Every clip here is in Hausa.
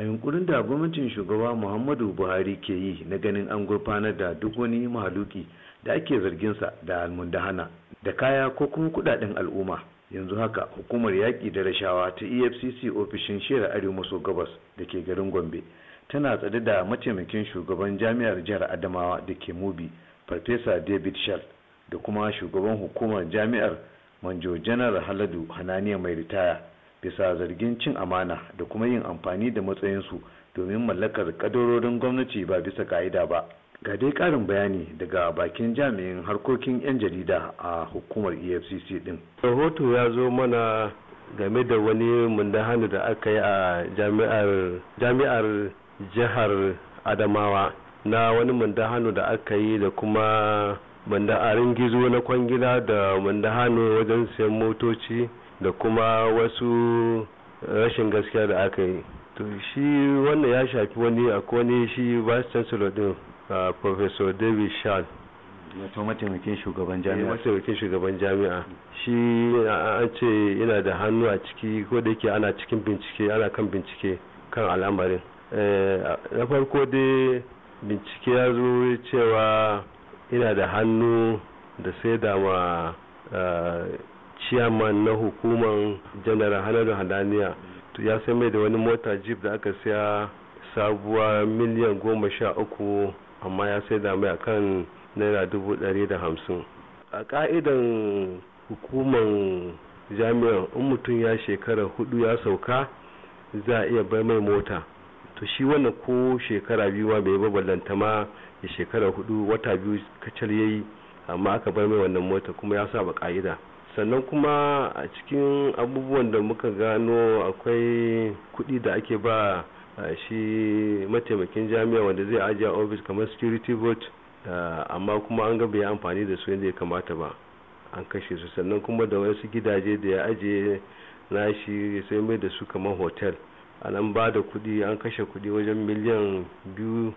a yunkurin da gwamnatin shugaba muhammadu buhari ke yi na ganin an gurfanar da duk wani mahaluki da ake zarginsa da almundahana da kaya ko kuma kudaden al'umma yanzu haka hukumar yaƙi da rashawa ta efcc ofishin shera arewa maso gabas da ke garin gombe tana tsade da mataimakin shugaban jami'ar jihar adamawa da ke mubi farfesa david shell da kuma shugaban hukumar jami'ar manjo janar haladu hananiya mai ritaya bisa zargin cin amana da kuma yin amfani da matsayinsu domin mallakar kadarorin gwamnati ba bisa ka'ida ba ga dai karin bayani daga bakin jami'in harkokin 'yan jarida a hukumar efcc din rahoto ya zo mana game da wani mundahanu da aka yi a jami'ar jihar adamawa na wani mundahanu da aka yi da kuma munda'arin gizo na kwangila da mundahanu wajen siyan motoci da kuma wasu rashin gaskiya da aka yi to shi wannan ya shafi wani akwai wani shi vice chancellor din professor david shan wato mataimakin shugaban jami'a eh, mataimakin shugaban jami'a shi an ce yana da hannu a ciki ko da yake ana cikin bincike ana kan bincike kan al'amarin eh, na farko dai bincike ya zo cewa yana da hannu da sai da ma ciyaman na hukuman janar halalu hadaniya ya sai mai da wani mota jeep da aka siya sabuwa miliyan goma sha uku amma ya sai da mai akan naira dubu ɗari da hamsin a ka'idan hukuman jami'an in mutum ya shekara hudu ya sauka za a iya bar mai mota to shi wannan ko shekara biyu ma bai baballanta ma ya shekara hudu wata biyu kacal yayi amma aka bar mai wannan mota kuma ya saba ka'ida sannan kuma a cikin abubuwan da muka gano akwai kuɗi da ake ba shi mataimakin jami'a wanda zai ajiye ofis kamar security vote amma kuma an ga bai amfani da su yadda ya kamata ba an kashe su sannan kuma da wasu gidaje da ya ajiye na shi sai mai da su kamar hotel a nan ba da kuɗi an kashe kuɗi wajen miliyan biyu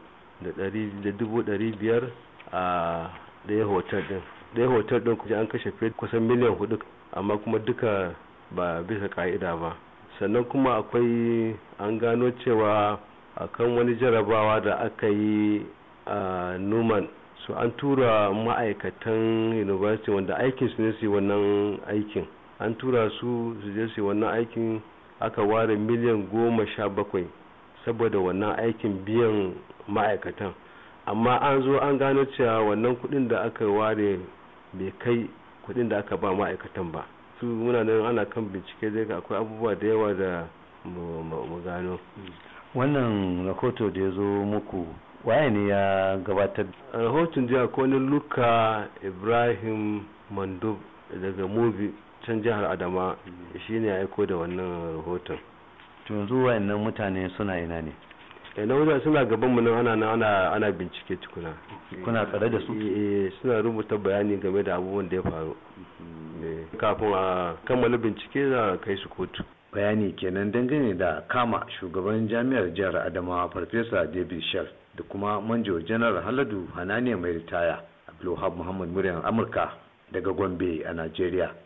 da dubu ɗari biyar a ɗaya hotel din. dai hotel din kuje an kashe fiye kusan miliyan hudu amma kuma duka ba bisa ka'ida ba sannan kuma akwai an gano cewa akan wani jarabawa da aka yi a numan su an tura ma'aikatan university wanda aikin su ne su wannan aikin an tura su su je su wannan aikin aka ware miliyan goma sha bakwai saboda wannan aikin biyan ma'aikatan amma an zo an gano cewa wannan kudin da aka ware bai kai kuɗin da aka ba ma'aikatan ba su muna nan ana kan bincike zai ga akwai abubuwa da yawa da mu gano wannan rahoto da ya zo muku waye ne ya gabatar rahoton jiya ko ne luka ibrahim mandub daga mobi can jihar adama mm. shine ya aiko da wannan rahoton to yanzu wayannan mutane suna ina ne da eh, na suna gaban mu nan ana ana ana bincike tukuna kuna tsare da su eh, eh, suna rubuta bayani game da abubuwan da ya faru kafin a kammala bincike za a kai su kotu bayani kenan dangane da kama shugaban jami'ar jihar adamawa farfesa david shell da kuma manjo janar haladu hananiya mai ritaya abdulwahab muhammad muryan amurka daga gombe a nigeria.